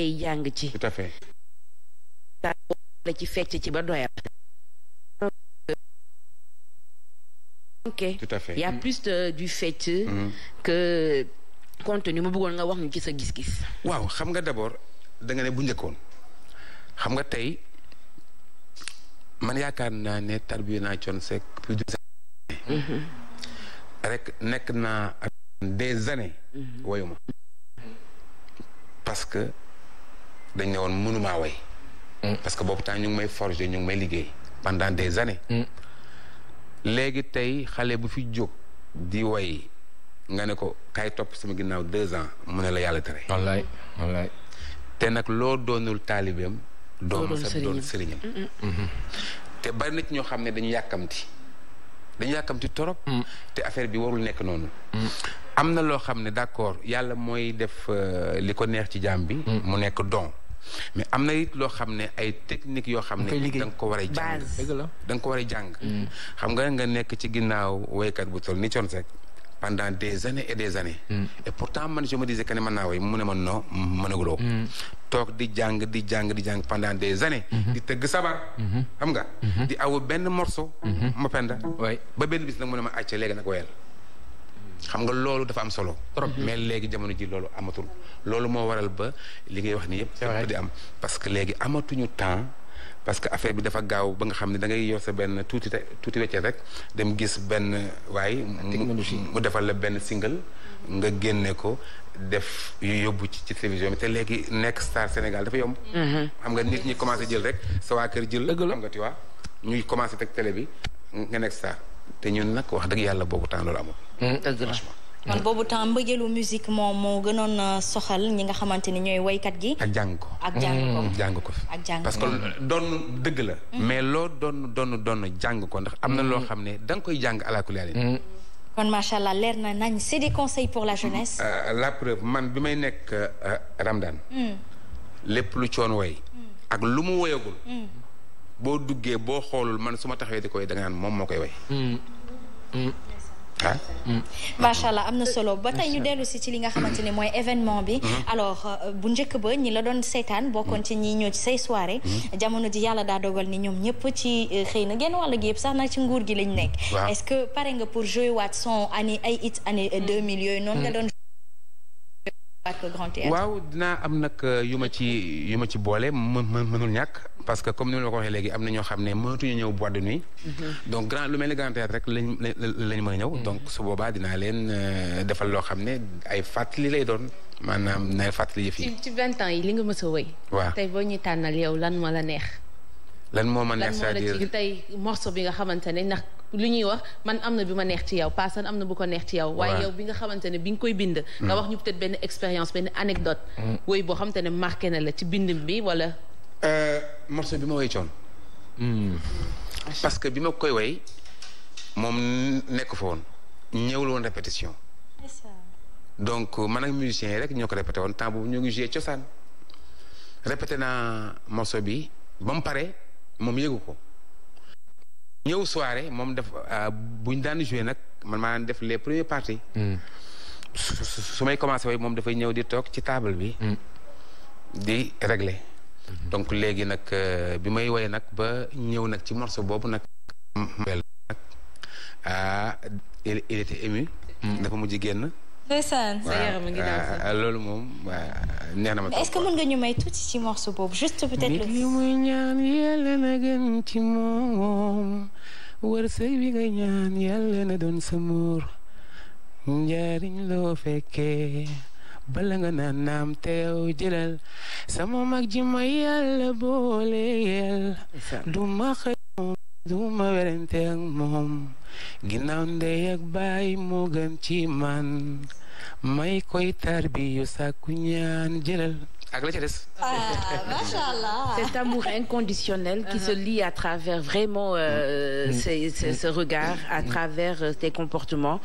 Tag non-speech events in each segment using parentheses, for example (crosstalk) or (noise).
yi jàng ci. tout à fait. ci fecc ci ba doyal. ok tout à fait. y plus du fecc mm-hmm. que contenu mu buggoon nga wax ñu ci sa gis-gis. waaw xam nga d'abord da nga ne bu njëkkoon xam nga tey man yaakaar naa ne tarbiya naa Thione Seck mm-hmm. rek nekk naa des années. Mm-hmm. woyuma parce que. dañ ne woon mënumaa way mm. parce que boobu temps ñu ngi may forger ñu ngi may liggéey pendant des années mm. léegi tey xale bu fi jóg di way nga ne ko kaay topp sama ginnaaw deux ans mu ne la yàlla tere wallaay wallaay te nag loo doonul taalibeem doon sa doon sëriñam mm-hmm. te bari na ñoo xam ne dañu yàkkamti dañu yàkkamti torop mm. te affaire bi warul nekk noonu am na loo xam ne d'accord yàlla mooy def euh, li ko neex ci jaam bi mu nekk don mais am na it loo xam ne ay technique yoo xam ne da nga ko war a jàng da nga ko war a jàng mm. xam nga nga nekk ci ginnaaw waykat bu tol ni Thione Seck pendant des années et des années mm. et pourtant man je me disais que ne mën naa way mu ne man non mënaguloo mm. toog di jàng di jàng di jàng pendant des années mm-hmm. di tëgg sabar mm-hmm. xam nga mm-hmm. di awu benn morso ma penda ba benn bis nag mu ne ma acc acca léegi nag wayal xam nga loolu dafa am solo. trop léegi jamono ji loolu amatul. loolu moo waral ba li ngay wax ni yëpp. di am parce que léegi amatuñu temps. parce que affaire bi dafa gaaw ba nga xam ne da ngay yor sa benn tuuti tuuti weccet rek dem gis benn waay. mu defal la benn single. nga génne ko def yóbbu ci ci télévision bi te léegi nekk star Sénégal dafa yomb. Mm-hmm. xam nga nit ñi commencé jël rek sa waa kër jël. dëgg la xam nga tu vois ñuy commencé teg télé bi nga nekk star. te ñun nag wax dëgg yàlla boobu temps loolu amul. Mm, dëgg la man mm. boobu temps mbëggeelu musique moom moo gënoon euh, soxal ñi nga xamante ni ñooy waykat gi. ak jàng ko ak jàng ko mm. ak jàng ko parce que doon dëgg la. mais loo doon donn doon jàng ko ndax am na loo xam ne danga koy jàng alaakulli kon macha allah leer na nañ c'est des conseils pour la jeunesse. Euh, la preuve man bi may nekk euh, Ramadan. lépp lu coon way. ak lu mu woyagul. boo duggee boo xoolul man su ma taxawee di koy da naan moom moo koy way ah. macha allah am na solo ba tey ñu dellu si ci li nga xamante ni mooy événement bi. Mm-hmm. alors euh, bu njëkk ba ñi la doon seetaan bokkoon ci ñi ñëw ci say soirée. Mm-hmm. jamono ji yàlla daa dogal ni ñoom ñëpp ci euh, xëy na genn wàll gi yëpp sax nag ci nguur gi lañ nekk. est-ce que pare nga pour jouer waat son année ay it année 2000 euh, yooyu noonu nga mm. doon. ak waaw dina am nag euh, yu ma ci yu ma ci boole mën mënul ñàkk parce que comme ni ma la ko xee léegi am na ñoo xam ne mënatuñu ñëw boîte de nuit mm-hmm. donc lu mel ni Grand Théâtre rek lañ lañ mën ñëw mm-hmm. donc su boobaa dinaa leen euh, defal loo xam ne ay fàttali lay doon maanaam nay fàttali yëf yi ci vingt ans yi li nga mës a wëy tey boo ñuy yow lan ma la neex lan moo ma neex c'est-à-dire tey morceau bi nga xamante ne ndax lu ñuy wax man am na bi ma neex ci yow paasan am na bu ko neex ci yow. waaye yow bi nga xamante ne bi nga koy bind. nga mm. wax ñu peut-être benn expérience benn anecdote mm. woy boo xamante ne marqué na la ci bind bi wala. Euh, morceau bi ma woy coon. Mm. parce que bi ma koy woy moom nekk fa woon ñëwul woon répétition. donc man ak musiciens yi rek ñoo ko répété woon temps boobu ñoo ngi joué cosaan répété naa morceau bi ba mu pare. moom yëgu ko ñëw soirée moom def bu ñu daan joué nag man maa def les premières parties. su may commencé way moom dafay ñëw di toog ci table bi. di régler. donc léegi nag bi may woy nag ba ñëw nag ci morceau boobu nag. ah il était ému. dafa mujj génn. sa yaram a ngi daw loolu moom neex na ma. est-ce que mën nga ñu tuuti ci morceau boobu juste peut-être. nit ñaan yàlla na gën ci moom wërsëg bi nga ñaan na doon sa muur njariñ loo fekkee bala nga naan naam teew jëlal sama mag ji ma yàlla booleel du ma xëy duma werante ak moom ginnaaw ndey ak baay moo gën ci man may koy tarbiyu sàkku ñaan jëlal ak la ca des. Ah, macha allah. cet amour inconditionnel qui se lie à travers vraiment euh, mm. Mm. ce regard à mm. travers euh, tes comportements.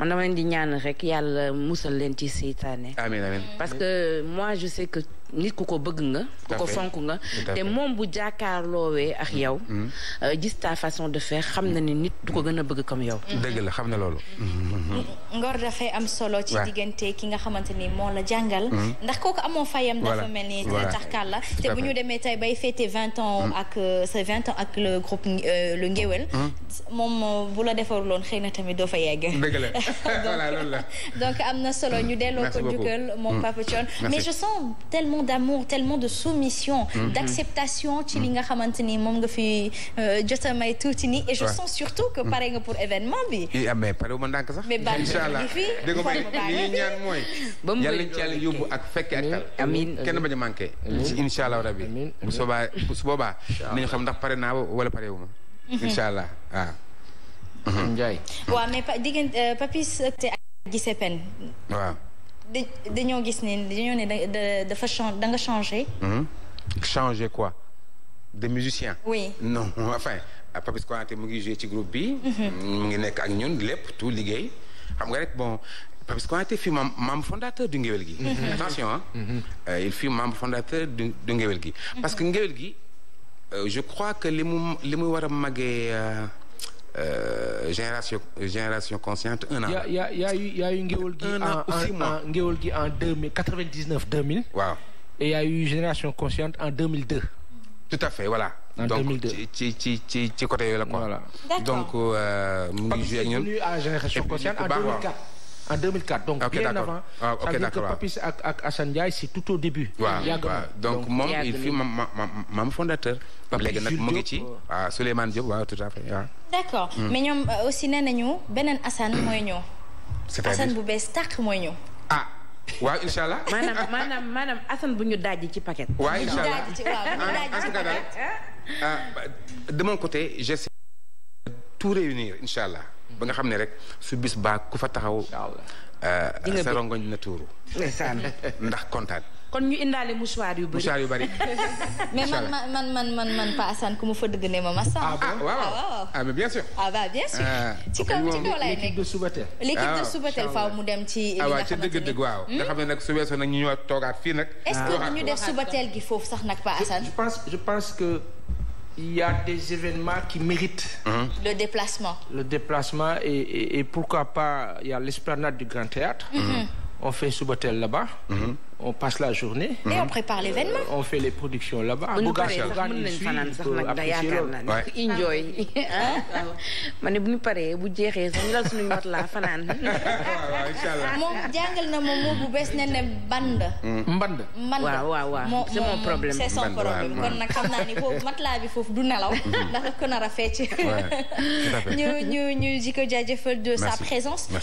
man dama leen di ñaan rek yàlla musal leen ci seytaane. amiin amiin parce que moi je sais que. nit ku ko bëgg nga ku ko fonk nga te moom bu jàkkaarloowee ak mm-hmm. yow mm-hmm. Euh, gis ta façon de faire xam na ni nit du ko gën a bëgg comme yow mm-hmm. dëgg la xam na loolu ngor dafay am solo ci diggante ki nga xamante ni moo la jàngal ndax kooku amoo fayam dafa mel ni taxkal la te bu ñu demee tey bay fêté euh, vingt ans ak sa vingt ak le groupe euh, le ngéwél moom bu la defaruloon xëy na tamit doo fa yegg (laughs) dëgg la (laughs) voilà loolu donc am na solo ñu delloo ko njukkal moom mm. Papa Thione mais je sens tellement tellement d'amour tellement de soumission mhm. d'acceptation ci li nga xamante ni moom nga fi euh, jot a may tuuti ni et je sens surtout que mhm. pare nga pour événement bi eh, ah mais pare wu ma ndànk sax incha allah dégg nga ñaan mooy yàlla ñu ak fekke ak tal amiin kenn bañ a manqué ci incha allah rabbi bu soobaa su boobaa nañu xam ndax pare naa wala pare wu ma mhm. incha allah waaw Ndiaye waaw mais euh, te ak Guissé dañoo gis ne dañoo ne da dafa changé da nga changé. Mhm. changé quoi de musicien. non (laughs) enfin ah, Papis Konaté mu ngi joué ci groupe bi. Mhm. mu ngi nekk ak ñun lépp tout liggéey xam nga rek bon. Papis Konaté fii membre membre fondateur du Ngéwél gi. Mhm. (laughs) attention euh, il fut membre fondateur du du gi. parce que Ngéwél gi euh, je crois que li mu li mu Euh, génération génération consciente un an. y' a y' a y' a eu ngéwal en deux mille quatre vingt dix neuf deux mille. waaw y' a eu en deux mille deux. tout à fait voilà. donc, 2002 donc ci ci ci ci côté yooyu donc euh, mu ngi joué ak génération consciente en en 2004 donc okay, bien avant ah, okay, ça veut dire que Papis ak ak Assane Ndiaye c'est tout au début waaw yàgg na donc moom il fut ma ma maam fondateur léegi nag mu ngi ci waaw ah, Souleymane Diop waaw tout à fait waaw d'accord hmm. mais ñoom euh, aussi nee nañu beneen Assane mooy ñëw Assane bu bees tàq mooy ñëw ah waaw incha allah. (laughs) maanaam maanaam maanaam Assane bu ñu daaj ci paquet. waaw incha allah en tout cas daal ah, de mon côté j'essaie tout réunir incha allah. ba nga xam ne rek su bis baa ku fa taxaw. Euh, sa rongoñ na tuuru. ndax kontaan. kon ñu indaale mouchoir yu bëri yu bëri. (laughs) mais man man man man man Pa ku mu fa dëgg ne ma ma ah, ah waaw waaw ah, ah. ah mais bien sûr. ah waaw bien sûr. ci kaw ci kaw lay nekk de Subatel. l'équipe de Subatel faaw mu dem ci. dëgg dëgg waaw. nga hmm? xam ne nag su weesoo nag ñu ñëwaat toogaat fii nag. est-ce ñu def Subatel gi foofu sax nag Pa il y a des événements qui méritent. Mm -hmm. le déplacement. le déplacement et, et, et pourquoi pas il y a l'esplanade du Grand Théâtre. Mm -hmm. on fait Subatel là-bas. Mm-hmm. on passe la journée. et mm -hmm. on prépare l'événement. Euh, on fait les productions là bu ñu paree bu ñu paree bu jeexee sax mat laa fanaan. (laughs) waaw incha moom jàngal na ma moo bu bees ne ne mband. Mm. mband waaw waaw waaw c'est mon problème c'est son problème kon foofu du nelaw. ndax mm-hmm. (laughs) daf ko nar a fecc.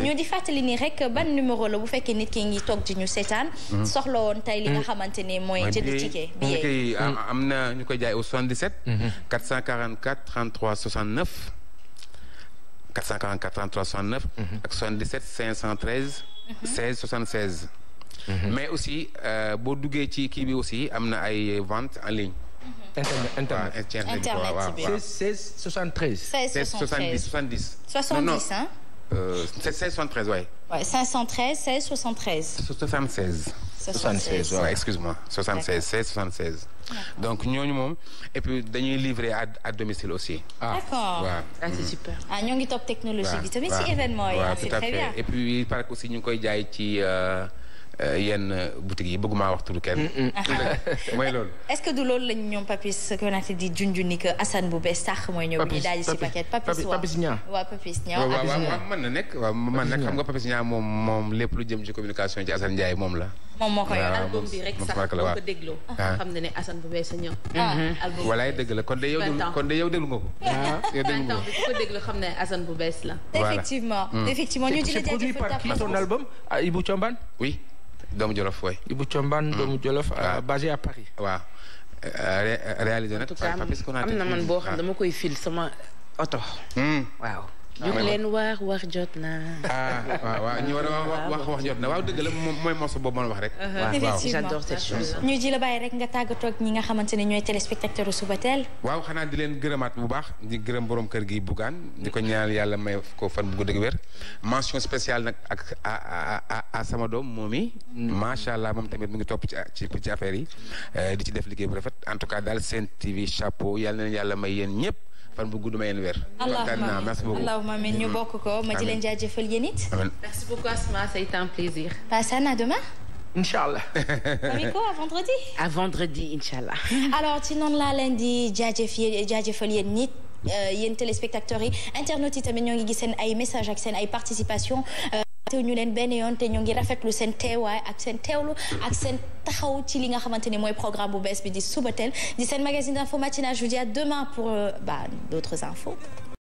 ñu di fàttali ni rek ban numéro la bu fekkee nit ki ngi toog di ñu setaan mm-hmm. soxla woon tey mm. ni mooy jënd mm. am na ñu koy jaay au 77 444 33 69 444 33 69 ak 77 513 16 76 mais aussi euh, boo duggee ci kii bi aussi am na ay vente en ligne mm-hmm. internet internet bi waaw 16 73. 16 73 76 waaw excuse-moi 76 16 76. donc ñooñu moom et puis dañuy livrer à à domicile aussi. ah d'accord waaw. ah c'est mm-hmm. super. ah ñoo ngi topp technologie bi tamit ci événement yi. Ah, ñu ko koy jaay ci. Euh, Euh, yenn euh, boutique yi bëgguma wax turu kenn. (laughs) mooy loolu. est-ce que du loolu lañ ñoom Papis Konaté di junj ni que Assane bu bees sax mooy ñëw. Papis daal di na nekk waaw man nag xam nga Papis Niang moom moom lépp lu jëm ci communication ci Assane Ndiaye moom la. moom moo koy album bi rek sax ko dégloo. Ah. xam na ne Assane bu bees a ñëw. Mm-hmm. Ah, album walaay dëgg la kon de yow kon de ko. Ah. déglu xam ne Assane bu bees la. effectivement mm. effectivement ñu ci la jaajëfal doomu Jolof waay. bu Thiombane mm. doomu Jolof. Euh, basé à Paris. waaw euh, euh, réalisé am na man boo xam dama koy fil sama oto. Mm. waaw. jug leen waax wax jot na ah waaw waaw ñu war a wax wax na waaw dëgg la mooy mosu boobu ma wax rek. Uh-huh. waaw j'adore cette chanson ñu ji la bàyyi rek nga tàggatoo ak ñi nga xamante ne ñooy téléspectateur suba teel. waaw xanaa di leen gërëmaat bu baax di gërëm borom kër gi Bougane di ko ñaanal yàlla may ko fan bu gudd ak wér. mention spéciale nag ak a sama doom moom i. macha allah moom tamit mu ngi topp ci ci affaire yi eh, di ci def liggéey bu rafet en tout cas daal Sen TV chapeau yàlla na yàlla may yéen ñëpp. fan bu gudd may leen wér. allahumma merci beaucoup allahumma amiin ñu bokk ko ma di leen jaajëfal yéen it. merci beaucoup Asma c'est un demain. incha allah. Amiko à incha allah. alors ci noonu laa leen di jaajëf yéen jaajëfal yéen nit. Euh, yéen téléspectateurs yi internautes tamit ñoo ngi gis seen ay message ak seen ay participation euh, te ñu leen benn yoon te ñu ngi rafetlu seen teewaay ak seen ak seen taxaw ci li nga xamante ne mooy programme bu bees bi di Subatel di seen magazine d'info matinal je vous dis à demain pour euh, bah d'autres infos